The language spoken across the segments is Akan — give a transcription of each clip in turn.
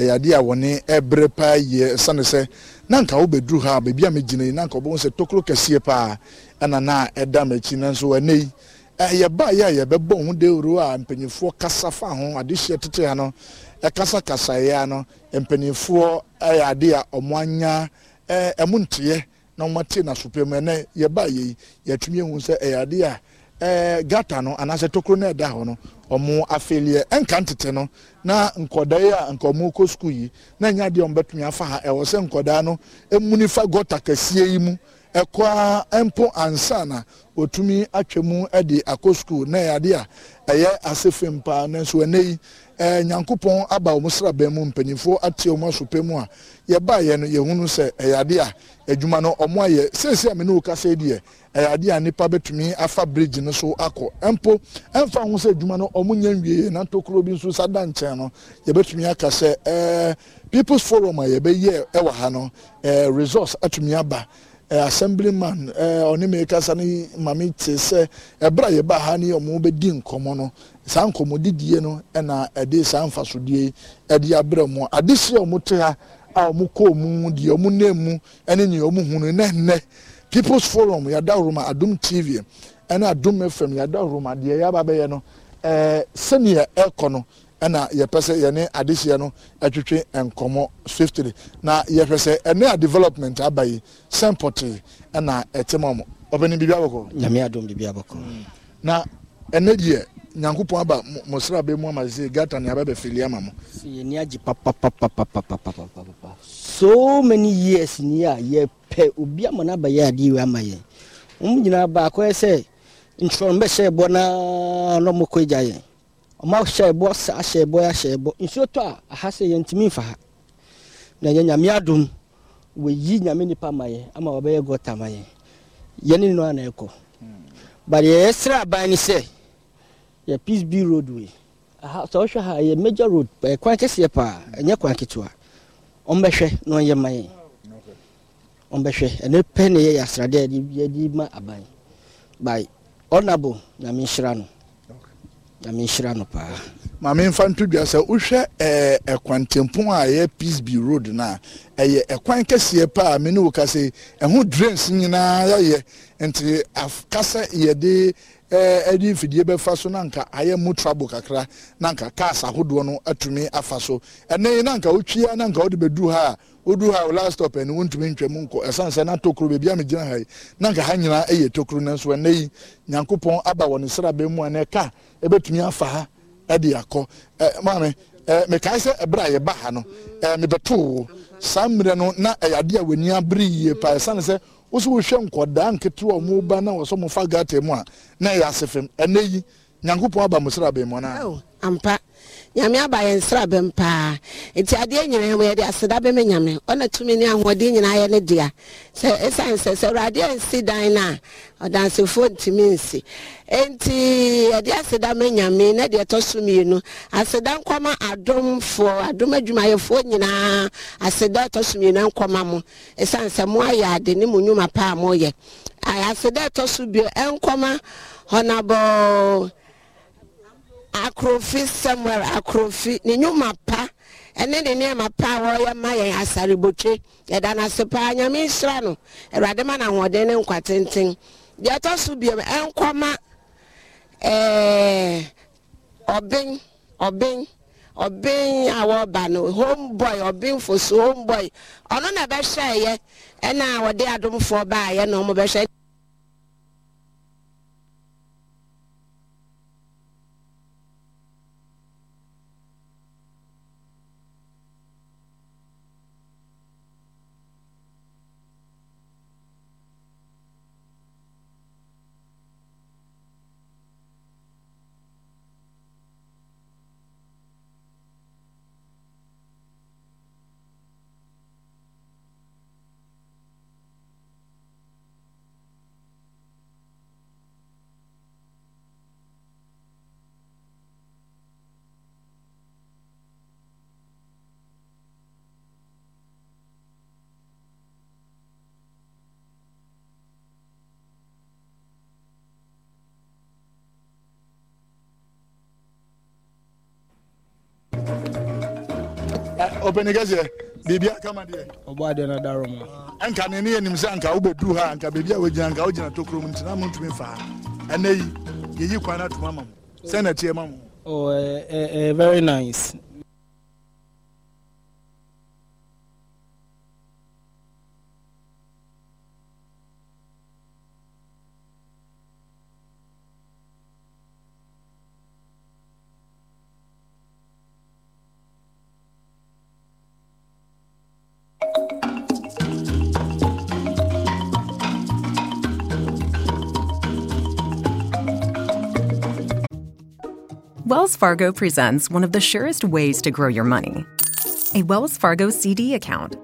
ɛyɛ adeɛ a wɔne ɛbrɛ paa yie ɛsane sɛ na nka wobɛduru ha baabi a megyina yi na nka wobɛhu sɛ tokuro kɛseɛ paa ɛna na ɛda m'akyi nanso ɛnɛ yi ɛyɛ baayɛ a yɛbɛbɔ ho dawuro a mpanyinfoɔ kasa fa ho adehyeɛ tete ha no ɛkasakasaeɛ no mpanyinfoɔ ɛyɛ adeɛ a wɔn anya ɛɛ ɛmo nteɛ na wɔn ate na sopa mu ɛnɛ yɛbaayɛ yi yɛatumi ehu sɛ ɛyɛ adeɛ a Eh, gata no anaasɛ tokuro no ɛda hɔ no ɔmo afɛliɛ ɛnka ntete no na nkɔdaa yi a nkɔmo kɔ sukuu yi na nya deɛ ɔmo bɛtumi afa ha ɛwɔ sɛ nkɔdaa no emu nifa gɔta kɛseɛ yi mu ɛkɔa mpo ansana otumi atwa mu ɛde akɔ sukuu na ɛyɛ a ɛyɛ ase fem paa nanso ɛnɛ yi Eh, nyankopɔn aba wɔn sraban mu mpanyinfoɔ ate wɔn asopɛ mu a yɛbaeɛ no yɛhunu sɛ ɛyɛ ade a adwuma no wɔn ayɛ seesie a mene wo kasa deɛ ɛyɛ ade a nipa bɛtumi afa bridge no so akɔ mpo ɛmfa ho sɛ adwuma no wɔn nyɛ nwie nantokuro bi nso sada nkyɛn no yɛbɛtumi aka sɛ ɛɛ eh, people's forum a yɛbɛyɛ ɛwɔ ha no ɛɛ eh, resource atumi aba. Eh, assemblyman ɔne eh, mekasa ne mame te sɛ ɛberɛ eh, a yɛba ha ne ɔmo di nkɔmmɔ no saa nkɔmmɔdidie no ɛna ɛde saa mfasodie ɛde abrɛ mu ade si a ɔmo te ha a ɔmo kɔɔ mu deɛ ɔmo nam mu ɛne nea ɔmo hunu ne nnɛ people's forum yɛda roma adum tv ɛne adum fm yɛda roma deɛ yɛaba bɛyɛ no ɛɛ sɛnea ɛkɔ no ɛna yɛpɛ sɛ yɛne adehyeɛ no ɛtwetwe nkɔmɔ swiftly na yɛhwɛ sɛ ɛne a development aba yi sɛn pɔtee ɛna ɛte ma mo ɔbɛni biribi abɔkɔ. nyame adum biribi abɔkɔ. Mm. na ɛnɛ deɛ nyankopɔn aba mo srabe mu ama sɛ gata ne aba bɛfili ama mo. yɛni agye papapapapapapapa so many years ni a yɛpɛ obi ama no aba yɛ adeɛ wɔ ama yɛ wɔn nyinaa baako yɛ sɛ ntwerɛ no bɛhyɛ bɔ naa na wɔn kɔ gya yɛn. ɔma hyɛ bɔ saa hyɛ bɔ ya hyɛ bɔ nsuo tɔ a aha sɛ yɛntumi nfa ha na yɛ nyame adom wɔyi nyame nipa ma yɛ ama wɔbɛyɛ gɔta ma yɛ yɛne no ana ɛkɔ but yɛyɛ srɛ aban ne sɛ yɛ peace b road wei aha sɛ wohwɛ ha yɛ major road ɛyɛ kwan kɛseɛ paa ɛnyɛ kwan ketewa ɔmbɛhwɛ na ɔnyɛ ma yɛn ɔmbɛhwɛ ɛno pɛ ne yɛyɛ asradeɛ yɛde ma aban by honorable nyame nhyira no nyame nhyira no paa maame mfa nto dwa sɛ wohwɛ ɛɛ eh, ɛkwantempɔn a ɛyɛ peace be road na ɛyɛ ɛkwan kɛseɛ paa me ne wo ka ɛho drains nyinaa yɛyɛ nti kasa yɛde ɛɛ eh, ɛde mfidie bɛfa so na ayɛ mu trouble kakra na nka cars ahodoɔ no atumi afa so ɛnɛ na nka wotwia na nka ha a wodu ha last stop ɛni eh, wontumi ntwam nkɔ ɛsan sɛ na tokuro beebi a megyina ha yi na nka ha nyinaa ɛyɛ tokuro na nso ɛnɛ yi nyankopɔn aba wɔ ne sraban mu a na ɛka ɛbɛtumi afa ha ɛde akɔ ɛɛ maame ɛɛ mekae sɛ ɛbrɛ a yɛba ha no ɛɛ mebɛtoo wo saa mmerɛ no na ɛyɛ adeɛ a w'ani abere yie paa ɛsan sɛ wosi wohwɛ nkɔdaa nketewa a wɔn ba na wɔsɔ mo fa gata mu a na ɛyɛ ase fam ɛnɛ yi nyankopɔn aba mo sraban mu anaa. ampa nyame aba yɛn nsra bɛm paa nti adeɛ nyinaa wɔ yɛde aseda bɛm nyame ɔna tumi ne ahoɔden nyinaa yɛ ne dea sɛ ɛsiane sɛ sɛ awurade nsi dan no a ɔdansefoɔ ntumi nsi nti yɛde aseda ma nyame na deɛ ɛtɔ so mmienu aseda nkɔma adomfoɔ adom adwumayɛfoɔ nyinaa aseda ɛtɔ so mmienu nkɔma mo ɛsiane sɛ mo ayɛ ade ne mo nnwuma paa moyɛ aseda ɛtɔ so bio nkɔma hɔnabɔɔ akorofi samuel akorofi ne nnwuma pa ɛne ne nneɛma pa a wɔyɛ ma yɛn asarebotwe yɛda n'ase paa nyame nhyira no awurade ma n'ahoɔden ne nkwa tenten deɛ ɛtɔ so biom ɛnkɔma ɛɛɛ ɔben ɔben ɔben a wɔreba no home boy ɔben fosu home boy ɔno na ɛbɛhwɛ ɛyɛ ɛna wɔde adomfoɔ baayɛ na wɔn bɛhyɛ. ɔpɛnikɛseɛ biribi aka ma deɛ ɔbɔ adeɛ no adaro nka ɛnka ne ne yɛnim sɛ anka ha anka baabi a wogyina anka wogyina tokuro mu na montumi ha ɛnɛ yi yɛyi kwan no atoma ma ọ oh, eh, eh, eh, very nice Wells Fargo presents one of the surest ways to grow your money a Wells Fargo CD account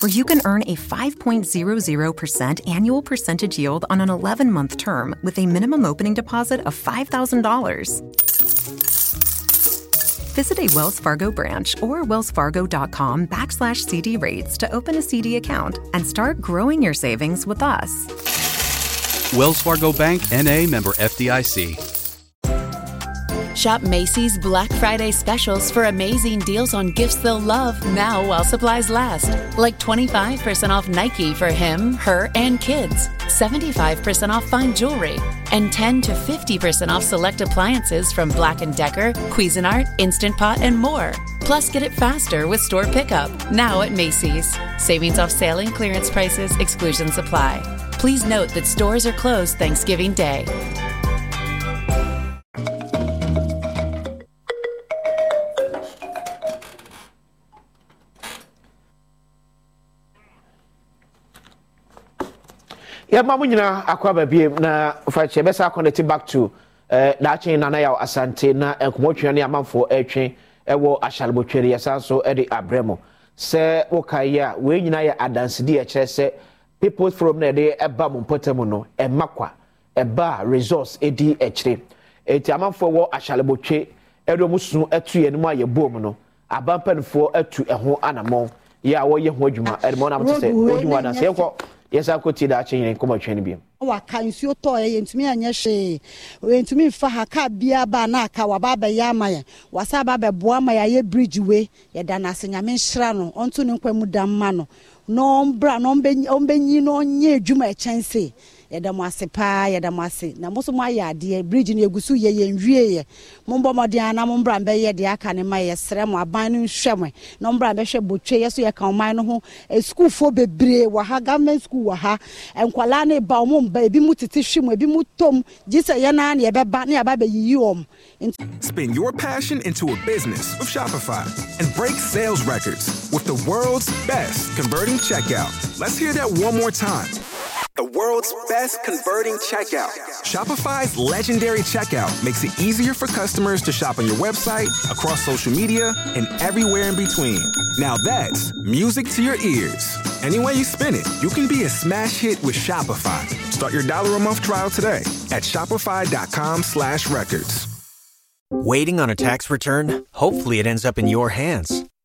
where you can earn a 5.00% annual percentage yield on an 11 month term with a minimum opening deposit of $5,000. Visit a Wells Fargo branch or wellsfargo.com backslash CD rates to open a CD account and start growing your savings with us. Wells Fargo Bank NA member FDIC. Shop Macy's Black Friday specials for amazing deals on gifts they'll love now while supplies last. Like 25% off Nike for him, her, and kids, 75% off fine jewelry, and 10 to 50% off select appliances from Black & Decker, Cuisinart, Instant Pot, and more. Plus, get it faster with store pickup now at Macy's. Savings off sale and clearance prices, exclusion supply. Please note that stores are closed Thanksgiving Day. yɛma mo nyinaa akɔ baabiem na fakyɛ bɛsa connect back to eh, daakye nana yɛ asante na nkɔmmɔtwea ne amanfoɔ ɛtwe ɛwɔ ahyalomotwere yɛsa nso ɛde abrɛ mo sɛ woka yi a wei nyinaa yɛ adansedi ɛkyerɛ sɛ peoples forum na yɛde ɛba mo mpɔtam no ɛma kwa ɛba resource ɛdi akyire eti amanfoɔ wɔ ahyalomotwe ɛde ɔmo sunu ɛtu yɛn mu a yɛbɔ mu no abampanifoɔ ɛtu ɛho anamɔ yɛ a wɔyɛ ho adwuma ɛde mo nam te sɛ ɔdwuma adansi yɛkɔ yɛsa kɔtie daakye nyene nkɔmɔtwɛ no biom waka nsuo tɔɔ yɛ yɛntumi anyɛ hwee yɛntumi mfa ha kaa biaa baa na aka waba abɛyɛ ama yɛ wasa aba abɛboa ama yɛayɛ bridge wei yɛda no ase nyame nhyira no ɔnto ne nkwa mu da mma no na ɔmbra na adwuma ɛkyɛn yɛda mo ase paa yɛda mo ase na mo nso mo ayɛ adeɛ bridge no yɛgu so yɛ yɛn nwieɛ mo mbɔ mmɔden ana mo mbra mbɛyɛ deɛ aka ne ma yɛsrɛ mo aban no nhwɛ mo na mo mbra mbɛhwɛ botwe yɛ so yɛka ɔman no ho eh, sukuufoɔ bebree wɔ ha government school wɔ ha nkwadaa no ba ɔmo mba ebi mu tete hwi mu ebi mu tom gye sɛ yɛn ara na yɛbɛba na yɛaba abɛyiyi wɔn. Spin your passion into a business with Shopify and break sales records with the world's best converting checkout. Let's hear that one more time. The world's best converting checkout. Shopify's legendary checkout makes it easier for customers to shop on your website, across social media, and everywhere in between. Now that's music to your ears. Any way you spin it, you can be a smash hit with Shopify. Start your dollar a month trial today at shopify.com slash records. Waiting on a tax return? Hopefully it ends up in your hands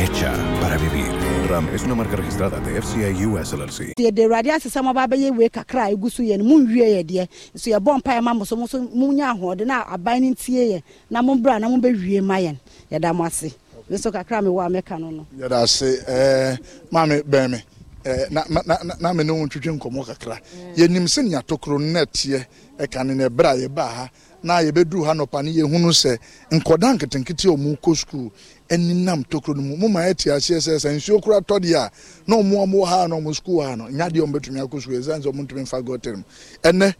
hecha para vivir. Ram es una marca registrada de FCI US LLC. Deɛ de awurade asesa mo aba abɛyɛ wei kakra a ɛgu so yɛ no monwie yɛ deɛ nso yɛbɔ mpaeɛ ma mo so mo so monya ahoɔden na aban no ntie ye. na mo bra na mo be wie ma yɛn da mo ase me nso kakra me wa me mɛka no no yɛda ase eh, maame bɛn me eh, na me ne wo ntwitwe nkɔmmɔ kakra mm. yɛnim sɛnea tokuro no na ɛteɛ ɛka ne no ɛberɛ a yɛbaa ha na yɛbɛduru ha nɔpa no yɛhunu sɛ nkɔda nketenkete a ɔmu kɔ sukuu ɛninam tokuro no mu mo ma ɛte aseɛ sɛ sɛ nsuo kora tɔ deɛ a na ɔmo ɔmo ha na ɔmo sukuu ha no nya deɛ ɔmo betumi akɔ sukuu ɛsan sɛ ɔmo ntumi nfa gɔtɛr mu ɛnɛ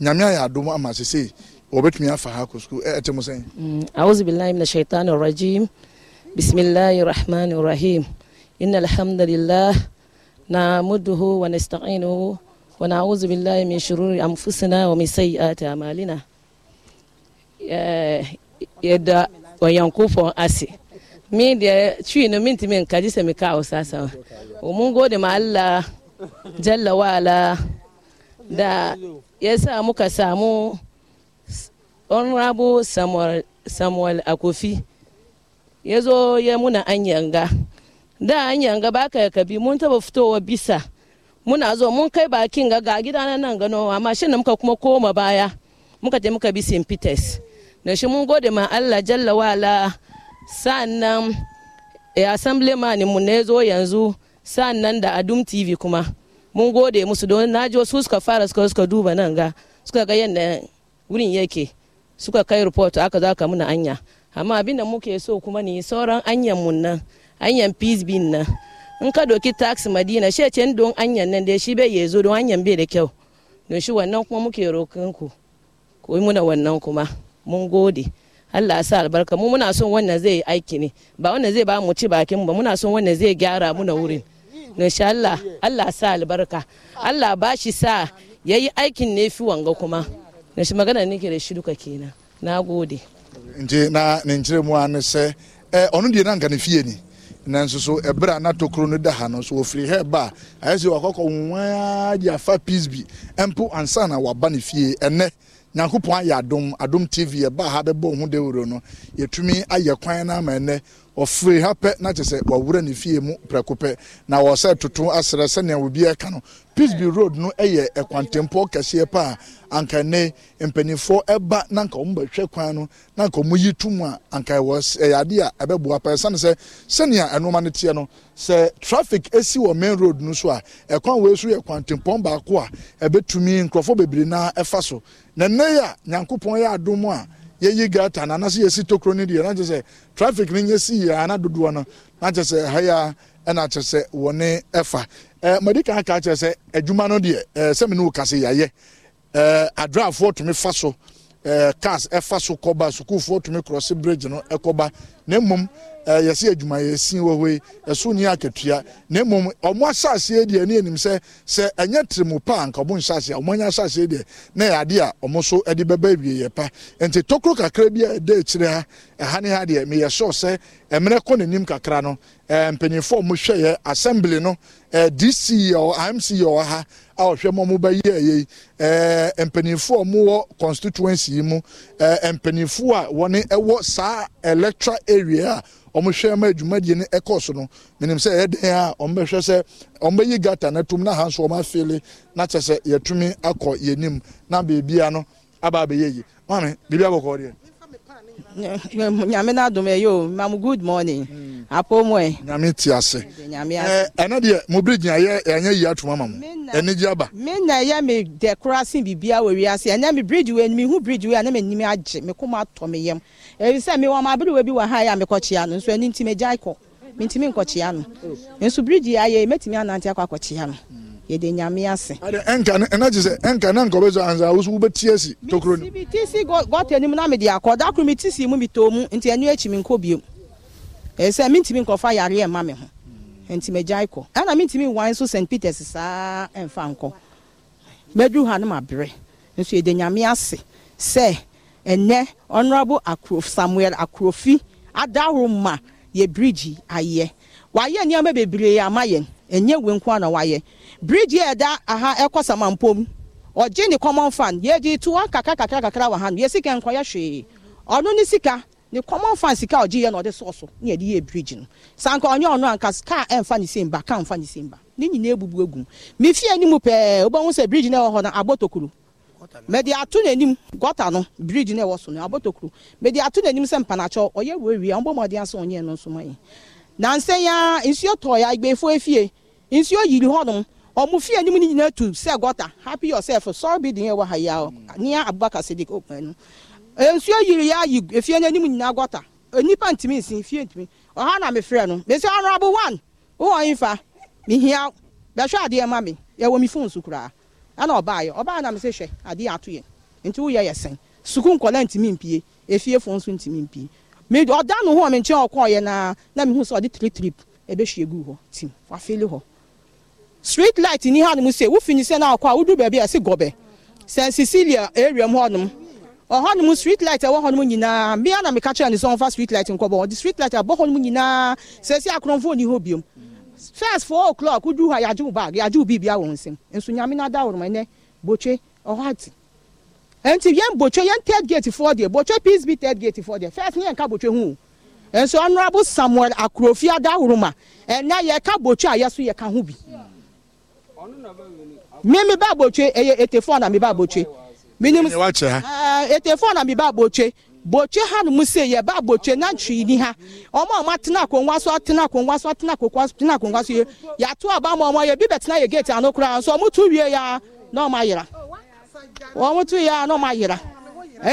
nyame ayɛ adom ama sese wɔbɛtumi afa ha akɔ sukuu ɛɛte e, mo sɛn. Mm, awuzu bilayi mina shaitan rajim bisimilayi rahman rahim inna alhamdulilah naamuduhu wa nasta'inuhu wa na'udhu billahi min shururi anfusina wa min sayyiati a'malina. Eh, yɛda ɔyɛnkofɔ ase mi deɛ twi no mintimi nka gye sɛ meka wo saa sɛm ɔmu gode ma alla jalla waala da yɛsa muka samu honorable samuel, samuel akofi ya zo ya muna an yanga da an yanga ba ka kabi mun taba fitowa bisa muna zo mun kai bakin ga ga gidana nan gano amma shin muka kuma koma baya mu muka je ka bi st peters da shi mun gode ma Allah jalla wala sannan eh, assembly man mu ne zo yanzu sannan da adum tv kuma mun gode musu don na jo su suka fara suka suka duba nan ga suka ga yanda wurin yake suka kai report aka za ka muna anya amma abin da muke so kuma ne sauran anyan mun nan anyan peace bin nan in ka doki tax madina she ce don anyan nan da shi bai ya zo don anyan bai da kyau don shi wannan kuma muke rokin ku ku yi muna wannan kuma mun gode Allah sa albarka mu muna son wannan zai yi aiki ne ba wannan zai ba mu ci bakin ba muna son wannan zai gyara muna wurin insha Allah Allah sa albarka Allah ba shi sa yayi aikin ne fi wanga kuma na shi magana nake da shi duka kenan na gode inje na ninjire mu an sɛ eh onu deɛ nanka ne fie ni nan so ɛberɛ eh, a natokuro no da ha no so wɔfiri he ba a se sɛ wakɔkɔ nwaa de fa peace bi empo ansana wa waba ne fie ɛnɛ nyankopɔn ayɛ adom adom tv yɛba ha bɛbɔ ohun dewuro no yɛtumi ayɛ kwan na ama ɛnɛ ɔfiri ha pɛ na kyerɛ sɛ wawura ne fie mu prɛko pɛ na wɔsɛ toto asrɛ sɛnea obi ɛka no peaceby road no yɛ ɛkwantempɔ kɛseɛ pa a anka ne mpanimfoɔ ɛba na anka bɛhwɛ kwan no na anka wɔn yi tum a anka ɛwɔ ɛyɛ adeɛ a ɛbɛboa pɛ sani sɛ sɛnea ɛnoma no teɛ no sɛ traffic esi wɔ main road no so a ɛkwan wɔ so yɛ kwantempɔn baako a ɛbɛtumi nkurɔfoɔ bebree naa ɛfa so na nne yɛ a nyankopɔn yɛ adom a yɛyi gata na anase yɛsi tokuro no deɛ na kyerɛ sɛ traffic no nyɛ si yia na dodoɔ no na kyerɛ sɛ ha yia ɛna kyerɛ sɛ wɔne ɛfa ɛɛ mɛdi kan ka kyerɛ sɛ adwuma no deɛ ɛɛ sɛmi no kase yɛayɛ ɛɛ adraafoɔ tumi fa so ɛɛ cars ɛfa so kɔba sukuufoɔ tumi kɔrɔsi bridge no ɛkɔba na mmom yɛsɛ adwumayɛsi wɔ hɔ yi ɛso ni akatua na mmom ɔmo asase deɛ ne anim sɛ sɛ ɛnyɛ tiremu pa anka ɔmo nsase a ɔmo anya asase deɛ na yɛ adeɛ a ɔmo so de bɛba awieeɛ pa nti tokuro kakra bi a ɛda akyire ha ɛha ne ha deɛ meyɛ sure sɛ mmerɛ kɔ n'anim kakra no eh, mpanyinfo a wɔhwɛ yɛ assembly no eh, dc yɛ imc yɛ wɔ ha a wɔhwɛ mu a wɔbɛyɛ yɛ yi eh, mpanyinfoɔ a wɔwɔ constituency yi mu mpanyinfoɔ a wɔne ɛwɔ saa electoral area a wɔhwɛ ma dwumadie no ɛkɔ so no menim sɛ ɛyɛ den a wɔbɛhwɛ sɛ wɔbɛyi gata no atum na ha nso wɔafeele na kyɛ sɛ yɛtumi akɔ yɛnim na beebi a no aba abɛyɛ yi maame biribi abɔkɔ deɛ nyame no adom ɛyɛ mam good morning mm. apɔmɔ nyame te ase ɛna deɛ mobere gyina yɛ ɛnyɛ yi atoma ma mo ɛne gye aba mena ɛyɛ me dekorase biribia wɔ wiase ɛnyɛ me bridge wei bridge a na m'anim agye me atɔ bi wɔ ha yɛ a mekɔkyea no nso nti megyae kɔ no oh. nso bridge ayɛ anante akɔ no mm. yɛde nyame ase. ɛnka ne ɛna ti ansa tokuro si gɔta anim na mi akɔ dakoro mi ti si mu mi mu nti ɛnu ekyi mi nkɔ biem ɛsɛ mi ntumi nkɔfa ho nti st peters saa ɛnfa nkɔ mɛduru ha no nso yɛde nyame ase sɛ ɛnɛ samuel adahoro ma yɛ bridge ayɛ wayɛ ɛnyɛ wei nko ana wayɛ bridge yɛ ɛda aha ɛkɔ samampom ɔgye ne common fan yɛgye to wa kakra kakra kakra wɔ ha no yɛsika nkɔyɛ hwee ɔno ne sika ne common fan sika ɔgye ya na ɔde sɔɔso ne yɛde yɛ bridge no sanka ɔnyɛ ɔno anka kaa ɛmfa e ne sɛn ba kaa mfa ne sɛn ba ne na ebubu egum me fie anim pɛɛ wobɛhu sị bridge na ɛwɔ hɔ no abotokuru atụ ato n'anim gɔta no bridge na ɛwɔ so no abotokuru mɛde ato n'anim sɛ mpanakyɛw ɔyɛ wɛwie ɔmbɔ mɔden asɛ ɔnyɛ no nso mɔ yɛ na nsɛn ya nsuo tɔ ya agbefo efie nsuo yiri hɔnom ɔmo fie anim ne nyinaa tu sɛ gɔta happy yourself sɔɔ bi deɛ ɛwɔ ha ya a nea abubakar sidik okun ɛnu e, nsuo yiri ya yi efie n'anim e, nyinaa gɔta nipa ntumi nsi fie ntumi ɔha na mi frɛ no bɛsi honourable one wɔn nfa mihia bɛhwɛ adeɛ ma mi yɛwɔ mi fone so koraa ɛna ɔbaa yɛ ɔbaa na mi sɛ hwɛ adeɛ ato yɛ nti woyɛ yɛ sɛn sukuu nkɔla ntumi mpie efie fone so ntumi mpie mi ɔda no ho a me nkyɛn ɔkɔɔyɛ naa na mehu sɛ ɔde ebe ɛbɛhwie gu hɔ tim wafeele hɔ street light ni ha nom sɛ wofini sɛ na ɔkɔ a woduru baabi a ɛsɛ gɔbɛ san cecilia area mu hɔnom ɔhɔnom street light ɛwɔ hɔnom nyinaa mmea na meka kyerɛ ne sɛ ɔmfa street light nkɔbɔ ɔde street light abɔ hɔnom nyinaa sɛ si akorɔmfoɔ ni hɔ biom first four o'clock woduru ha yɛagye wo bag yɛagye wo biribia wɔ nsɛm nso nyame no ada woroma ɛnɛ botwe ɔhɔ ate nti yɛn bɔtwe yɛn third gate foɔ deɛ bɔtwe peace be third gate foɔ deɛ first ne yɛn ka bɔtwe ho nso honourable samuel akurofie adahuruma ɛnna yɛ ka bɔtwe a yɛso yɛ ka ho bi mmiri mi ba bɔtwe ɛyɛ ete na mi ba bɔtwe minim ɛɛ ete eh, na mi ba bɔtwe bɔtwe hanom se yɛ ba bɔtwe nantwi ni ha ɔmo a ɔmo so atena akongwa so yɛ yɛ bi yɛ gate nso ɔmo tu wie ya na ɔmo ayera. wɔn tu ya a na ɔmo ayera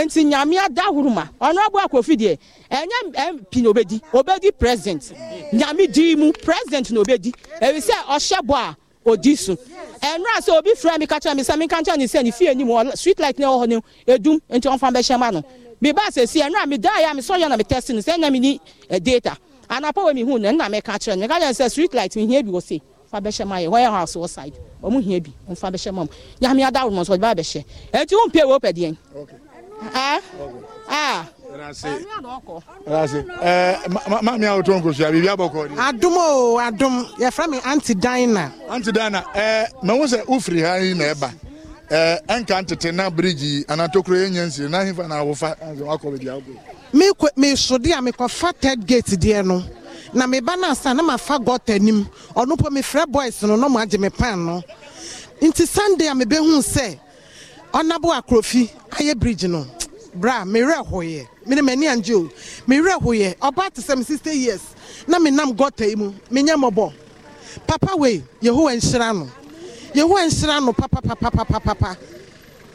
nti nyamea da ahoro ma ɔno abo akɔfi deɛ ɛnyɛ mp na obedi obedi president nyame dii mu president na obedi ebi sɛ ɔhyɛ bɔ a odi so ɛnura ase obi fira mi kakyɛ mi sɛ mi kakyɛ ne sɛ fi fie anim street light na ɛwɔ hɔ edum nti wɔn fa bɛhyɛ ma no mi ba sɛ si ɛnura mi da ya a mi sɔ yɛ na mi test no sɛ ɛnyɛ mi ni data anapa wɔ mi hu na nna mi kakyɛ no mi kakyɛ sɛ street light mi hia bi wɔ se. fa bɛhyɛ ma yɛ wɔyɛ house wɔ side ɔmo hia bi ya bɛhyɛ ma mo nyame ada bɛhyɛ eti wo mpie wo pɛ deɛn ah? ah. maame eh, a wotɔ nkosua biribi abɔkɔ o adom yɛfrɛ me anti antidaịna. anti dina eh, mawo sɛ wofiri ha yi na ɛba eh, ɛnka na nsiri na na awofa akɔ a fa ted gate no na meba no asa na mafa gɔta anim ɔno mpo mefrɛ boys no na moagye me pan no nti sunday a mebɛhu sɛ ɔnabo akorofi ayɛ bridge no bra mewerɛ hoyɛ mene m'ani angye o mewerɛ hoyɛ ɔbaa te sɛ me 60 years na menam gɔta yi mu menyɛ mmɔbɔ papa wei yehowa nhyira no yehowa nhyira no papapapapapa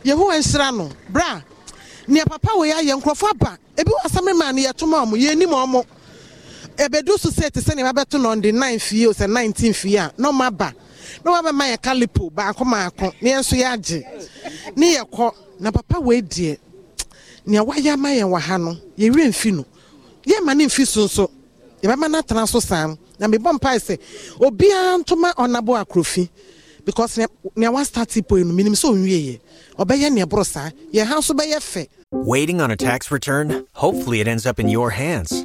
yehowa nhyira no bra nea papa wei ayɛ nkurɔfoɔ aba ebi wɔ asɛm maa no yɛtoma ɔmo yɛnim ɔmo ebedu so no the year nineteenth year ne ne na papa ha no no ma ne so so na because ha waiting on a tax return hopefully it ends up in your hands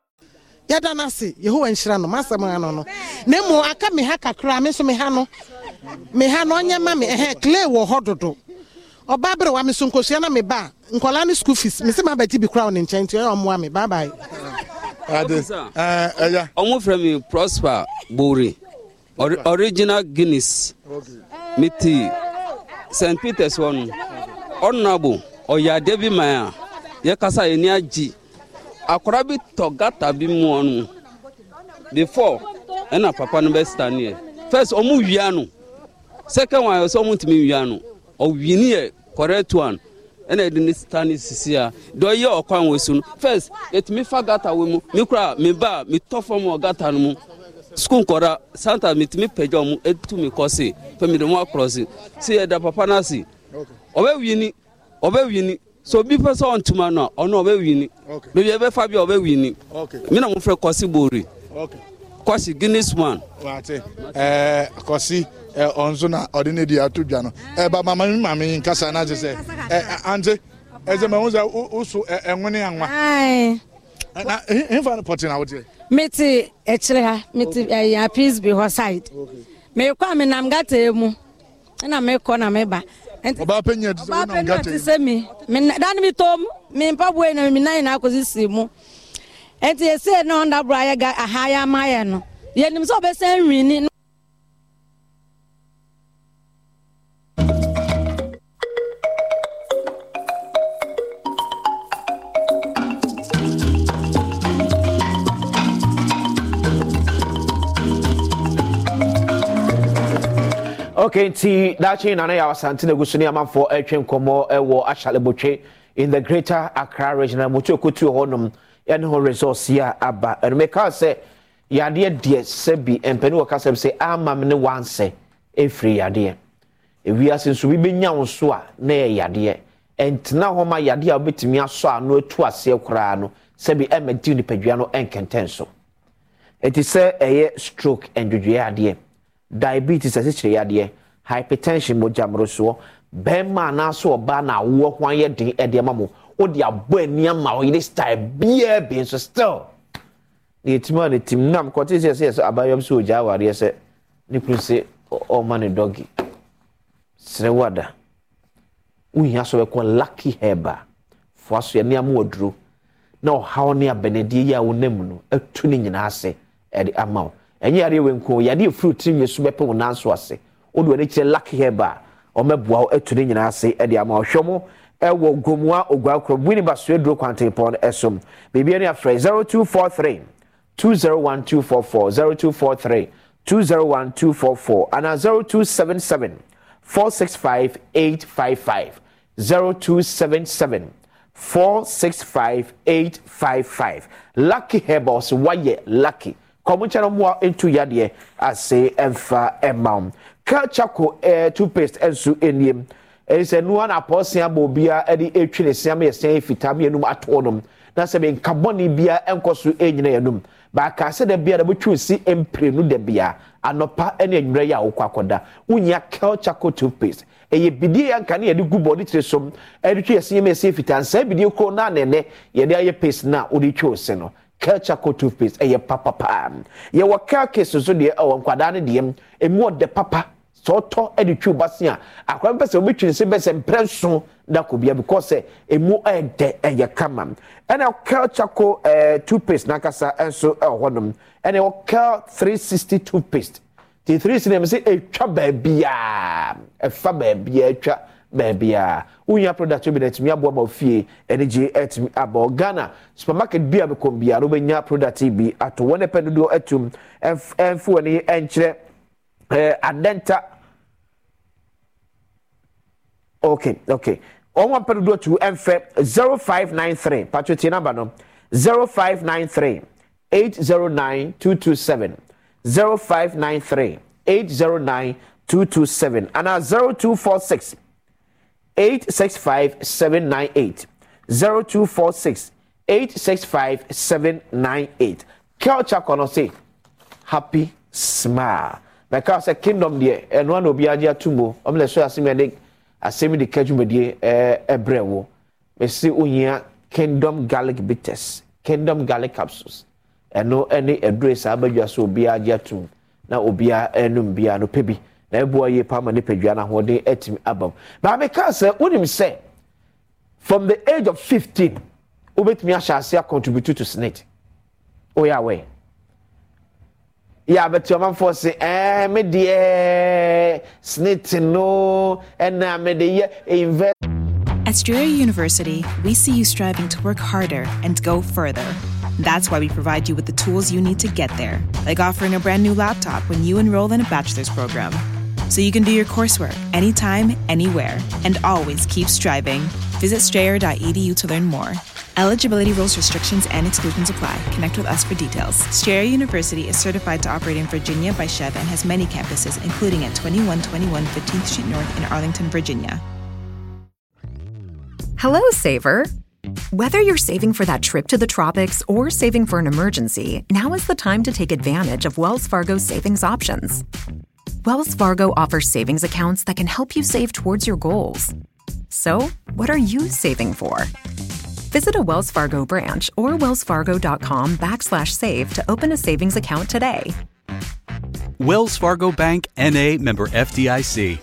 yɛda no ase yehowa nhyira no masɛm ano no na mmom aka me ha kakra me nso me ha no me ha no ɔnyɛ ma me ɛhɛ clay wɔ hɔ dodo ɔba bere wa me so nkosua na me ba nkɔla ne school fees me sɛ mabɛgye bi kora wo ne nkyɛn nti ɔyɛ ɔmmoa me babae ɔmo frɛ me prosper bore original guinness mete st peters hɔ no ɔnabo ɔyɛ adeɛ bi man a yɛkasa yɛni agye akɔra bi tɔ gata bi mu ɔnu before ɛna papa no bɛ stand yɛ first ɔmu wia no second one ɛsɛ ɔmu ntumi wia no ɔwi ni yɛ correct one ɛna ɛdi ne stand sisi a deɛ ɔkwan wɔ so no first ɛtumi fa gata wɔ mu mi kura mi ba mi tɔ fam wɔ gata no mu sukuu nkɔra santa mi tumi pɛgya ɔmu etu mi kɔsi fɛmi de mu akɔrɔ si si yɛ da papa n'asi ɔbɛ wi ni ɔbɛ wi ni. so obi pɛ sɛ ɔntoma no a ɔno ɔbɛwini baabi ɛbɛfa bi a ɔbɛwini me na mofrɛ kɔse bori kɔse guinness man kɔse ɔnso na ɔde ne di ato dwa no ɛba eh, mama mi maame yi nkasa na kyerɛ sɛ ante ɛsɛ ma ɛhu sɛ woso ɛnwene anwa na hemfa no pɔte na woteɛ mete akyire ha mete ɛyɛ apisby hɔ side meekɔ a menam gatae mu ɛna mekɔ na meba ɔbaa panyin ti sɛ ɔbaa panyin ti sɛ mi dan mi tom mi mpa bue na mi nan na akɔsi si mu nti esi na ɔndabura ayɛ ga aha ayɛ ama ayɛ no yɛnim sɛ ɔbɛsɛn nwini. Okay, nti daakye nana yɛ awasante na egu so ne amanfoɔ ɛretwe eh, nkɔmɔ ɛwɔ eh, ahyalebotwe in the greater accra region motu ekotu hɔnom ɛne ho resource yi a aba ɛnumeka sɛ yadeɛ deɛ sɛbi mpanin wɔ kasa sɛ amam ne wansɛ efiri yadeɛ ewiase nso bi benya wo so eh, a na yɛ yadeɛ ɛntena hɔ ma yadeɛ a wobɛtumi asɔ ano etu aseɛ koraa no sɛbi ɛmɛdi nipadua no ɛnkɛntɛn so eti sɛ ɛyɛ stroke ɛndwodwe yadeɛ diabetes ɛsikyire yadeɛ hypertension mogya mmorosoɔ bɛrima anaasɛ ɔbaa na awoɔ mo ani ama style bi nso still na yɛtumi a tim nam kɔte sɛ sɛ yɛsɛ abayɔm sɛ ɔgya awareɛ sɛ ne kunu sɛ ɔma ne dɔge serɛ wada wohia lucky na a wonam no atu ne nyinaa ase ama so wo wode w'ani kyerɛ lucky heba ɔmɛboa wo atu ne nyinaa ase de ama ɔhwɛ mo ɛwɔ gomua ogua korɔ wini basoɛ duro kwantempɔn no ɛsom biribia no afrɛ 0243 five 0243 201244 anaa 0277 465 855 0277 465855 lucky hebos wayɛ lucky kɔmo nkyɛn no mmoa ntu yadeɛ ase ɛmfa ɛma wo kalchako eh, toothpaste nso niem ɛyɛ sɛ nua na apɔsia ma obiara ɛde etwi ne seam yɛ seam fitaa mmienu atoɔ nom na sɛ nka bɔnne biara nkɔ so ɛnyina yɛn baaka sɛ dɛ bia dɛbɛtwi si mprenu dɛ bia anɔpa ɛne anwura yi a wokɔ akɔda wonya kalchako toothpaste ɛyɛ bidie yɛ nka ne yɛde gu bɔne tiri so ɛde twi yɛ seam yɛ seam fitaa nsa bidie koro na anɛnɛ yɛde ayɛ paste na wɔde twi o no kelchaco toothpaste ɛyɛ papapaa yɛwɔ kelke so so deɛ ɛwɔ nkwadaa no deɛ ɛmu ɔdɛ papa sɛ ɔtɔ de twi ba se a akwara mpɛ sɛ wobɛtwi ne se bɛsɛ mprɛ nso da kɔ bia because sɛ ɛmu ɛdɛ ɛyɛ kama ɛna kelchaco ɛɛ toothpaste n'akasa nso ɛwɔ hɔnom ɛna ɛwɔ kel three sixty toothpaste t three sixty na ɛmɛ sɛ ɛtwa baabiaa ɛfa baabiaa ɛtwa baabi a wonya product bi na ɛtumi aboa ma fie ɛne gye ɛtumi abɔ ghana supermarket bi a mekɔm bia no wobɛnya product bi ato wɔn ɛpɛ dodoɔ atum ɛmfo wɔne ɛnkyerɛ ɛɛ eh, adɛnta okay okay wɔn apɛ dodoɔ tu ɛmfɛ zero five nine three patro tie namba no zero five nine three eight zero nine two two seven zero five nine three eight zero nine two two seven ana zero two four six. 865 798 0246 865 798 culture kɔnɔ se happy smile mɛka sɛ kingdom deɛ ɛnoa na obiara gye ato Omle ɔmo na ɛso asɛm yɛ de asɛm de ka dwumadie ɛɛ ɛbrɛ kingdom garlic bitters kingdom garlic capsules Eno ɛne address saa abadwa so obiara gye ato mu na obiara ɛnum eh, biara no pebi. bi. na pa ma wonim from the age of 15 wobɛtumi ahyɛ ase to senate woyɛ se me no invest At Strayer University, we see you striving to work harder and go further. That's why we provide you with the tools you need to get there, like offering a brand new laptop when you enroll in a bachelor's program so you can do your coursework anytime, anywhere, and always keep striving. Visit strayer.edu to learn more. Eligibility rules, restrictions, and exclusions apply. Connect with us for details. Strayer University is certified to operate in Virginia by Chev and has many campuses, including at 2121 15th Street North in Arlington, Virginia. Hello, Saver. Whether you're saving for that trip to the tropics or saving for an emergency, now is the time to take advantage of Wells Fargo's savings options. Wells Fargo offers savings accounts that can help you save towards your goals. So, what are you saving for? Visit a Wells Fargo branch or wellsfargo.com backslash save to open a savings account today. Wells Fargo Bank NA member FDIC.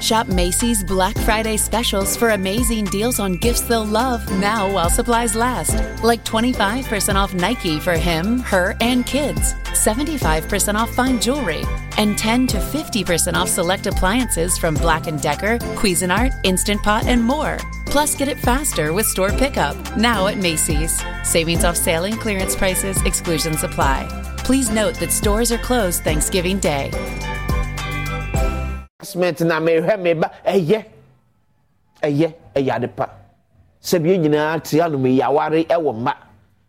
Shop Macy's Black Friday specials for amazing deals on gifts they'll love now while supplies last. Like 25% off Nike for him, her, and kids, 75% off fine jewelry, and 10 to 50% off select appliances from Black & Decker, Cuisinart, Instant Pot, and more. Plus, get it faster with store pickup now at Macy's. Savings off sale and clearance prices, exclusion supply. Please note that stores are closed Thanksgiving Day. investment na mehwɛ meba ɛyɛ ɛyɛ ɛyɛ ade pa sɛbi nyinaa te anom yɛaware ɛwɔ mma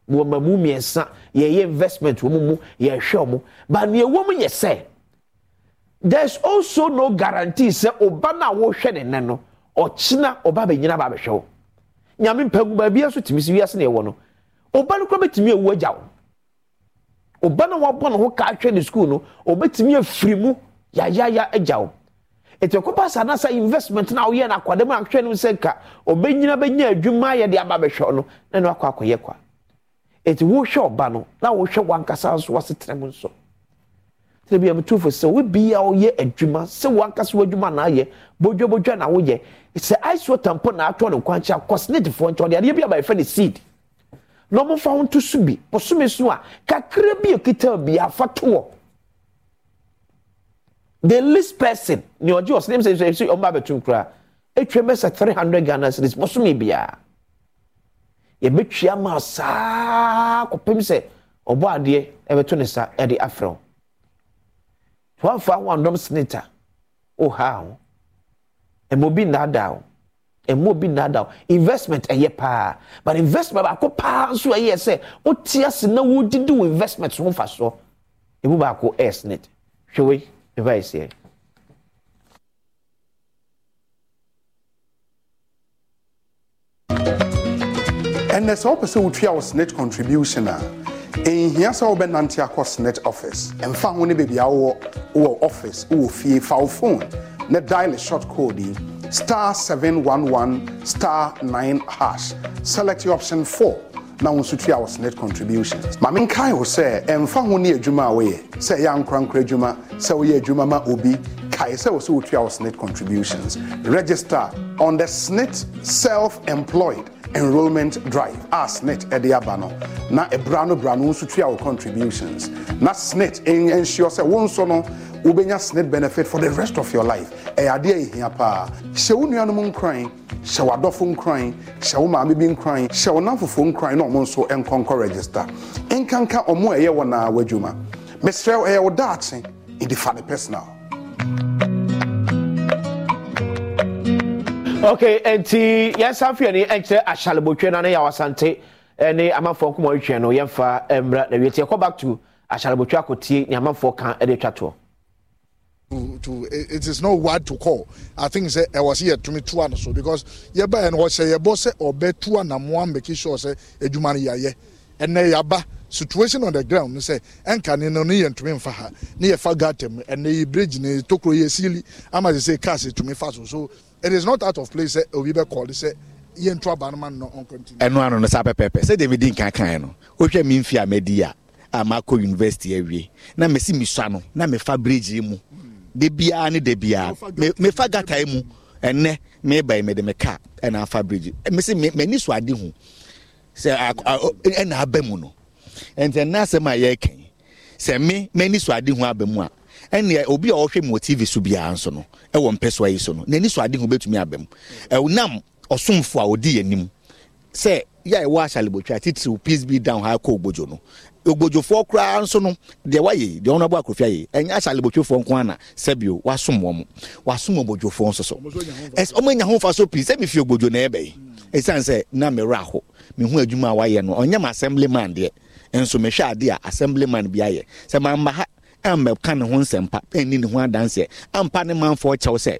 wɔ ma mu mmiɛnsa yɛyɛ investment wɔ mu mu yɛhwɛ ɔmo ba nea ɛwɔ mu yɛ sɛ there's also no guarantee sɛ ɔba no a wɔrehwɛ ne nɛ no ɔkyena ɔba abɛnyina ba abɛhwɛ wo nyame mpa gu baabi nso tumi si wiase na ɛwɔ no ɔba no koraa bɛtumi awu agya wo ɔba no a ne ho kaa twɛ ne sukuu no ɔbɛtumi afiri mu yayaya agya wo ɛti ɛkɔpa na sa investment na woyɛ no akwada mu ahwɛ no sɛ nka ɔbɛnyina bɛnya adwuma yɛ de aba bɛhwɛ no na ne wakɔ akɔyɛ kwa ɛti wohwɛ ɔba no na wohwɛ wankasa nso wasetena mu nso tẹbi ẹmu tu fo sẹ wo bi a ọyẹ adwuma sẹ wọn ankasa adwuma na ayẹ bọdwabọdwa na awọyẹ sẹ aiso tampo na atọ ne nkwankyia kọsinetifo nkyɛn ɔde bi aba yɛfɛ ne seed na ɔmo fa ho nto so bi bɔsɔmi so a kakra bi ekita bi afa to wɔ the least person ni ɔgye ɔsɛ ɛmu sɛ ɛmu sɛ ɔmu abɛtum kura etwa mu three hundred ghana cedis bɔsɔmi biara yɛbɛtwia ma saa kɔpem sɛ ɔbɔ adeɛ ɛbɛto ne sa ɛde afrɛw ndom wɔandɔm seneta ɔhaa ho ɛmu obi nnaadaa ho ɛmu obi nnaadaa ho investment ɛyɛ paa but investment baako paa nso ɛyɛ sɛ wotia se na wodidi wɔ investment so ho fa soɔ ɛmu baako ɛyɛ senate hwɛ wei. device here. ɛnɛ sɛ wopɛ sɛ wotua wo snit contribution a ɛnhia sɛ wobɛnante akɔ snit office ɛmfa ho ne baby. Our office wowɔ fie foul phone ne dial short code yi star 711 star 9 hash select your option 4 na wo nso tua wo senate contributions ma menkae wo sɛ ɛmfa ho ne adwuma a woyɛ sɛ ɛyɛ ankorankora adwuma sɛ woyɛ adwuma ma obi kae sɛ wo sɛ wotua wo senate contributions register on the senate self-employed enrollment drive a ah, snit ɛde aba no na ɛbra no bra no nso tua wo contributions na snit ensure sɛ wo nso no wobɛnya snit benefit for the rest of your life ɛyɛ e adeɛ ɛhia e paa hyɛ wo nuanom nkran hyɛ w'adɔfo nkran hyɛ wo maame bi nkran hyɛ wo namfofoɔ nkran na ɔmo nso nkɔnkɔ register nkanka ɔmo a ɛyɛ wɔ naa w'adwuma mesrɛ ɛyɛ wo daakye ɛdi fa ne personal Okay, nti yɛnsa fie ni nkyerɛ ahyalebotwe no ne yɛwɔ asante ne amanfoɔ nkɔmɔ ɔretwɛn no yɛmfa mmra e na wie ti yɛkɔ e back to ahyalebotwe akɔtie ne amanfoɔ kan e de atwa toɔ to to it, is not word to call i think say ẹ wọ si yẹ tumi tu ano so because yẹ ba yẹn wọ sẹ yẹ bọ sẹ ọbẹ tu anamoa make sure sẹ edwuma ni yà yẹ ẹnna yà ba situation on the ground sɛ ɛnka no ne yɛntumi mfa ha ne yɛfa gatem ɛnɛ yi bridge ne tokuro yɛ sili ama sɛ sɛ cars tumi fa so so it is not out of place sɛ obi bɛ kɔɔle sɛ "Yen to aba no ma no ɛnu ano no sa pɛpɛpɛ sɛ deɛ mi di nkan kan no o hwɛ mi nfi amadi a a ma kɔ university awie na mɛ si mi sua no na mɛ fa bridge mu de biara ne de biara mɛ fa gata mu ɛnɛ mɛ ba yi mɛ de mɛ car ɛna afa bridge eh, mɛ si mɛ ni so adi ho sɛ ɛna aba mu no ɛntɛn n'asɛm a yɛ kɛn sɛ mi mɛ ni so adi ho aba mu a ɛnna obi a ɔhwɛ mu wɔ tv so biara nso no ɛwɔ mpɛsɔ yi so no n'ani so ade ho betumi abɛm ɛnam ɔsomfo a ɔdi yɛn anim sɛ yɛ a ɛwɔ ahyalibotwa titiriw peace be down ha kɔ ogbojo no ogbojofoɔ koraa nso no deɛ wayɛ deɛ wɔn abo akorofia yɛ ɛnyɛ ahyalibotwafoɔ nko ana sɛbio wasom wɔn wasom ogbojofoɔ nso so ɛs wɔn anya ho so pii sɛbi fi ogbojo na ɛbɛyi ɛsan sɛ na mɛrɛ aho mehu adwuma a wayɛ no ɔnyɛ mu assembly man deɛ nso mehwɛ adeɛ assembly man bi ayɛ sɛ maa mba ha ammɛka ne ho nsɛmpa ɛnni ne ho adanseɛ ampa ne manfoɔ kyɛw sɛ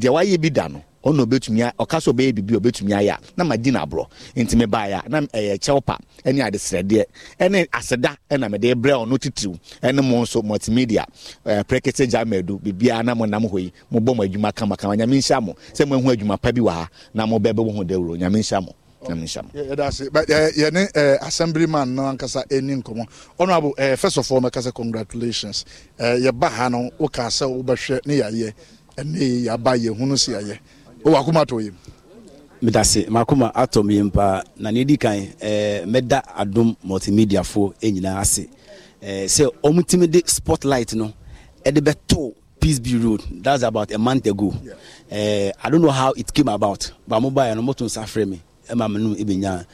deɛ wayɛ bi da no ɔna obetumi a ɔka sɛ ɔbɛyɛ biribi a obetumi ayɛ a na ma di na aborɔ nti mi baa ya na ɛyɛ kyɛw pa ɛne adesrɛdeɛ ɛne aseda ɛna mɛ de ɔno titiriw ɛne mo nso multimedia ɛɛ prekete gya mɛdu biribiara na mo nam hɔ yi mo bɔ mo adwuma kamakama nyame nhyia mo sɛ mo ehu adwuma pa bi wɔ ha na mo bɛ bɛ mo ho dawuro nyame nhyia mo. Eh, yɛne eh, assembly man no ankasa ɛni nkɔmmɔ ɔno abo eh, first of all mɛka sɛ congratulations eh, yɛba ha no wokaa sɛ wobɛhwɛ ne yɛayɛ ɛne yɛaba yɛhunu sɛ yɛayɛ wowɔ akoma atɔ yɛm medase makoma atɔ me yɛm paa na ne ɛdi kan eh, mɛda adom multimediafoɔ nyinaa ase eh, sɛ ɔmotumi de spotlight no ɛde bɛtoo Peace Be Road. That's about a month ago. Yeah. Uh, I don't know how it came about, but mobile and motor suffering me ɛma me no ɛbɛnya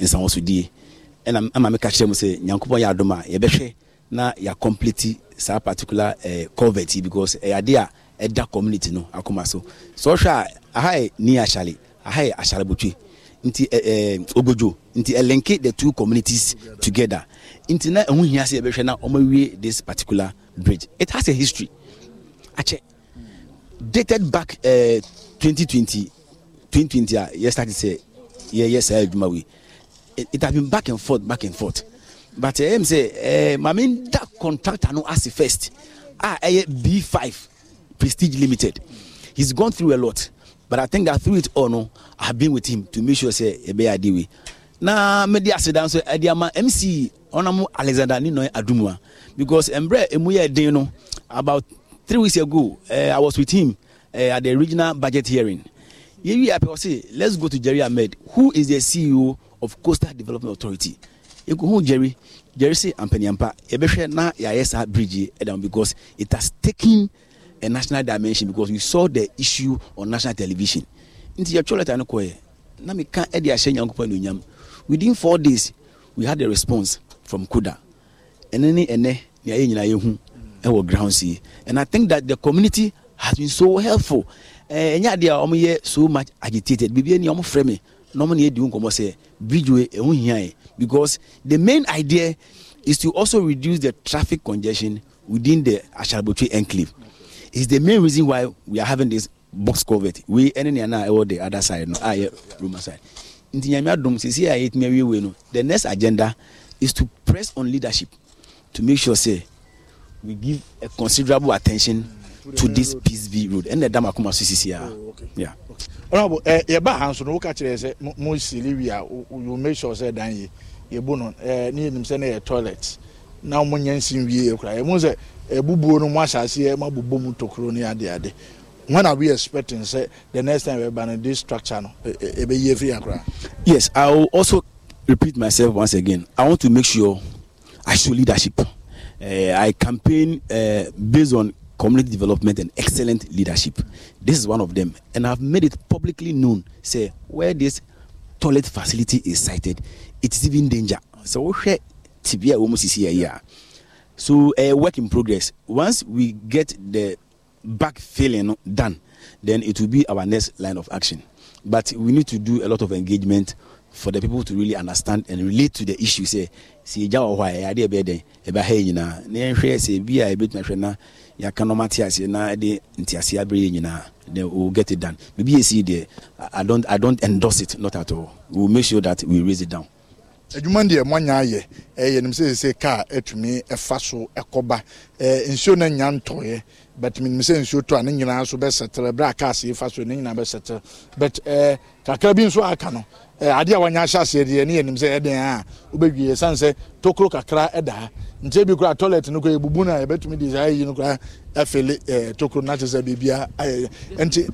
nsanwosodie ɛna ama meka kyerɛ mu sɛ nyankopɔn yɛ adom a yɛbɛhwɛ na yɛacomplete saa particular eh, covert yi because ɛyɛ adeɛ a ɛda community no akoma so so ɔhwɛ a aha yɛ ni ahyale aha yɛ ahyalebotwe nti ɛɛ eh, eh, ogojo nti ɛlɛnke the two communities together nti na ɛho hia yɛbɛhwɛ na ɔmo awie this particular bridge it has a history akyɛ dated back ɛɛ eh, twenty twenty twenty twenty a yɛ start sɛ yɛyɛ saa adwuma wei it has been back and forth back and forth but ɛyɛ eh, mi sɛ ɛɛ eh, maame da contractor no ase first a ah, ɛyɛ eh, b five, prestige limited he's gone through a lot but i think that through it all no i have been with him to make sure say ɛbɛyɛ adi wei na mede aseda nso ɛde ama mc ɔnam alexander ninoy adumua because mbrɛ emu yɛ den no about three weeks ago uh, i was with him uh, at the regional budget hearing yẹwi apẹ ọsẹ let's go to Jerry Ahmed who is the CEO of Coastal Development Authority ekuhun Jerry Jerry say ampanyampa yẹbẹhwẹ na yàyẹ saa bridge ẹdam eh, because it has taken a national dimension because we saw the issue on national television nti yẹ twẹ no ni kọ yẹ na mi ka ẹdi ahyẹ nyankunpọ ẹnuyam within four days we had a response from kuda ẹnẹ ni ẹnẹ ni ayé nyinaa yẹ hu ẹwọ grounds yìí and I think that the community has been so helpful ɛnyɛ adeɛ a wɔyɛ so much agitated biribi ni wɔn frɛ mi na wɔn ni edi nkɔmɔ sɛ bridgeway ɛho e, e, hia yi e. because the main idea is to also reduce the traffic congestion within the asharabotwe enclave is the main reason why we are having this box covert we ɛne nea na ɛwɔ the other side no a yɛ roma side nti nyamia dum sisi a yɛ tumi awie wei no the next agenda is to press on leadership to make sure say we give a considerable attention to this peace be road ɛna ɛda makoma so sisi a yeah. ɔnabɔ ɛ yɛba ha nso no woka kyerɛ sɛ mo sili wi a you make sure sɛ dan yi yɛbu no ɛ ne yɛ nim sɛ ne toilet na mo nyɛ nsi wie eh, yɛ kura ɛmu sɛ ɛbubuo eh, no mo ahyase eh, yɛ mo abobɔ mu tokuro ne ade ade when are we expecting say the next time we ban this structure no ebe ye free akra yes i will also repeat myself once again i want to make sure i show leadership uh, i campaign uh, based on community development and excellent leadership. This is one of them. And I've made it publicly known, say, where this toilet facility is sited, it is even danger. So tibia almost is here. So a uh, work in progress. Once we get the back filling done, then it will be our next line of action. But we need to do a lot of engagement for the people to really understand and relate to the issue say, sɛ yɛgya wɔ hɔ a ɛyɛ adeɛ bɛyɛ dɛn ɛbɛ ha yɛ nyinaa na yɛhwɛ sɛ bi a yɛbɛtumi ahwɛ na yɛaka nɔma te aseɛ na ɛde nteaseɛ abere yɛ nyinaa then we get it done biribi yɛ sii deɛ i don't i don't endorse it not at all we will make sure that we raise it down adwuma deɛ moanya ayɛ ɛyɛ nim sɛsɛ kaa atumi ɛfa so ɛkɔba nsuo no nya ntɔeɛ but menim sɛ nsuo tɔ a ne nyinaa so bɛsɛtere berɛ a kaa se so ne nyinaa bɛsɛtere but kakra bi nso aka no ade a wanya ahyɛ aseɛ deɛ ne yɛnim sɛ ɛden a wobɛwie ɛsiane sɛ tokuro kakra ɛda ha nkyɛ bi kora toilet no kora yɛbubu no a yɛbɛtumi de saa yi no kora afele tokuro no ate sɛ biribia ayɛyɛ nti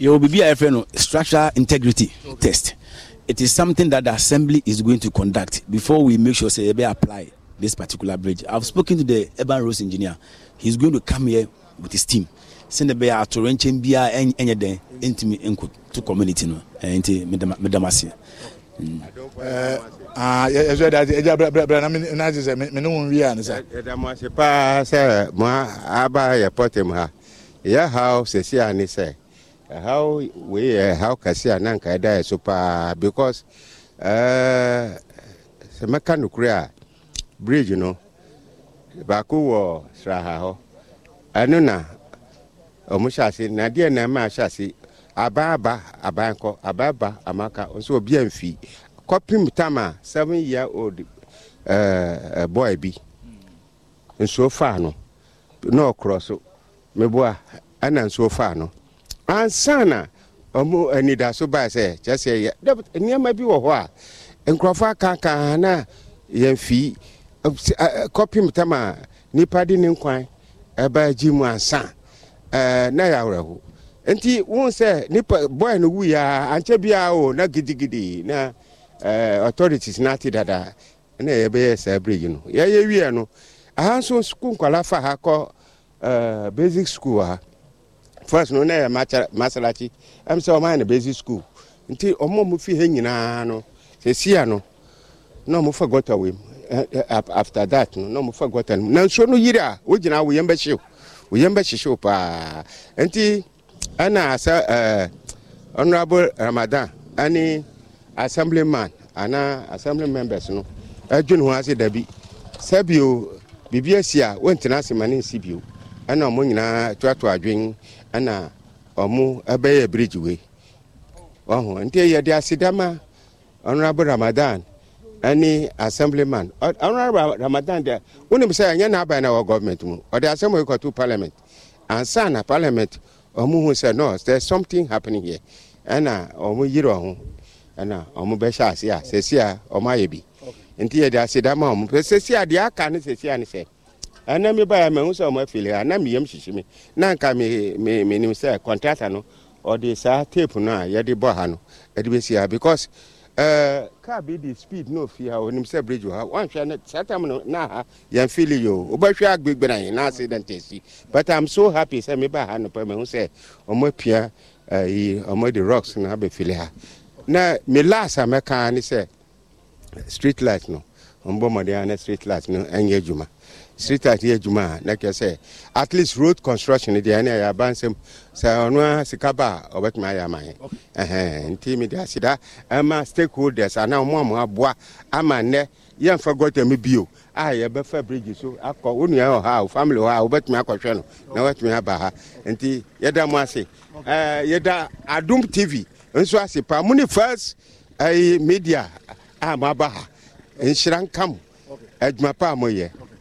yɛwɔ biribi a yɛfrɛ no structural integrity okay. test it is something that the assembly is going to conduct before we make sure say ebe apply this particular bridge I've spoken to the urban roads engineer He's going to come here with his team sɛnɛ bɛyɛ atorenkyɛn biara ɛnyɛ dɛn ɛntumi to community no ɛnti medam ase yɛsɛ dade ɛgya brabra na nagye sɛ mene wo wie a ne sa ɛda mo ase paa sɛ mo aba yɛpɔtem ha yɛ haw sɛsi a ne sɛ ɛhaw wei yɛ ɛhaw kɛse a na nka ɛda yɛ so paa because ɛɛ sɛ mɛka nokorɛ a bridge no baako wɔ sraha hɔ ɛno na ɔmo hyɛ ase na deɛ na ɛma hyɛ ase aban aba aban kɔ aban amaka nso obi a nfi kɔpem tam a seven year old ɛɛ eh, boy bi nsuo faa no na ɔkorɔ so meboa ɛna nsuo faa no. ansa na ɔmo anidaso eh, baa sɛ kyɛ sɛ yɛ nneɛma bi wɔ hɔ a nkurɔfoɔ akakaa na yɛmfii eh, eh, kɔpem tam a nipa de ne nkwan ɛbaa gyi mu ansa na yɛ awerɛho nti wọn sɛ nipa bɔyɛ no wu ya ankyɛ biara o na gidigidi na ɛɛ na n'ate dada ɛna yɛ bɛyɛ saa bere yi no yɛyɛ wiɛ no aha nso sukuu nkwadaa fa ha kɔ ɛɛ basic school ha. first no na yɛ masalakyi ɛm sɛ ɔma yɛ na basic school nti ɔmo a mo fi ha nyinaa no sɛsia no na ɔmo fa gɔta wɔ mu after that no na ɔmo fa gɔta no mu na nsuo no yiri a ogyina wo yɛn bɛ hyew wo yɛn bɛ hyehyɛw paa nti ɛna asɛ ɛɛ honourable ramadan ɛne assemblyman ana assembly members no adwene ho ase dabi sɛbio biribi asi a wɔntena ase ma ne nsi bio ɛna ɔmo nyinaa toatoa adwene ana ɔmo ɛbɛyɛ bridge wei ɔho nti yɛde asedama honorable ramadan ɛne assemblyman honorable ramadan deɛ wonim sɛ ɛnyɛ n'aban na wɔ government mu ɔde asɛm wei kɔto parliament ansa na parliament ɔmo hu sɛ no there's something happening here ɛna ɔmo yiri ɔho ɛna ɔmo bɛhyɛ ase a sɛsi a ɔmo ayɛ bi nti yɛde asedama ɔmo sɛsi a deɛ aka ne sɛsi a ne sɛ ana mi baya mɛ nsɛn ɔmɔ fili ana mi yam sisi mi na nka mi mi mi nim sɛ kɔntrata no ɔde saa tape no a yɛde bɔ ha no ɛde bɛ si ha because ɛɛ eh, kaa bi di speed no fi ha onim sɛ bridge wɔ ha wɔnhwɛ ne saa tam no na ha yɛn fili yi o wobɛhwɛ agbegbena yi na accident esi but i'm so happy sɛ mi ba ha no pɛ mɛ nsɛn ɔmɔ pia ɛyi eh, ɔmɔ de rocks na abɛ fili ha na mi last a mɛka ne sɛ street light no ɔmɔ mɔden ana street light no ɛnyɛ adwuma street art yɛ adwuma na kyerɛ at least road construction deɛ ɛne ɛyɛ aba nsɛm sɛ ɔno a sika ba a ɔbɛtumi ayɛ ama yɛ nti mede aseda ama stakeholders anaa ɔmo amo aboa ama nnɛ yɛmfa gɔta mi bio a yɛbɛfa bridge so akɔ wo nua wɔ ha wo family wɔ ha wobɛtumi akɔhwɛ no na woatumi aba ha nti yɛda mo ase yɛda adom tv nso ase paa mo ne first media a moaba ha nhyira nka mo adwuma pa a moyɛ okay.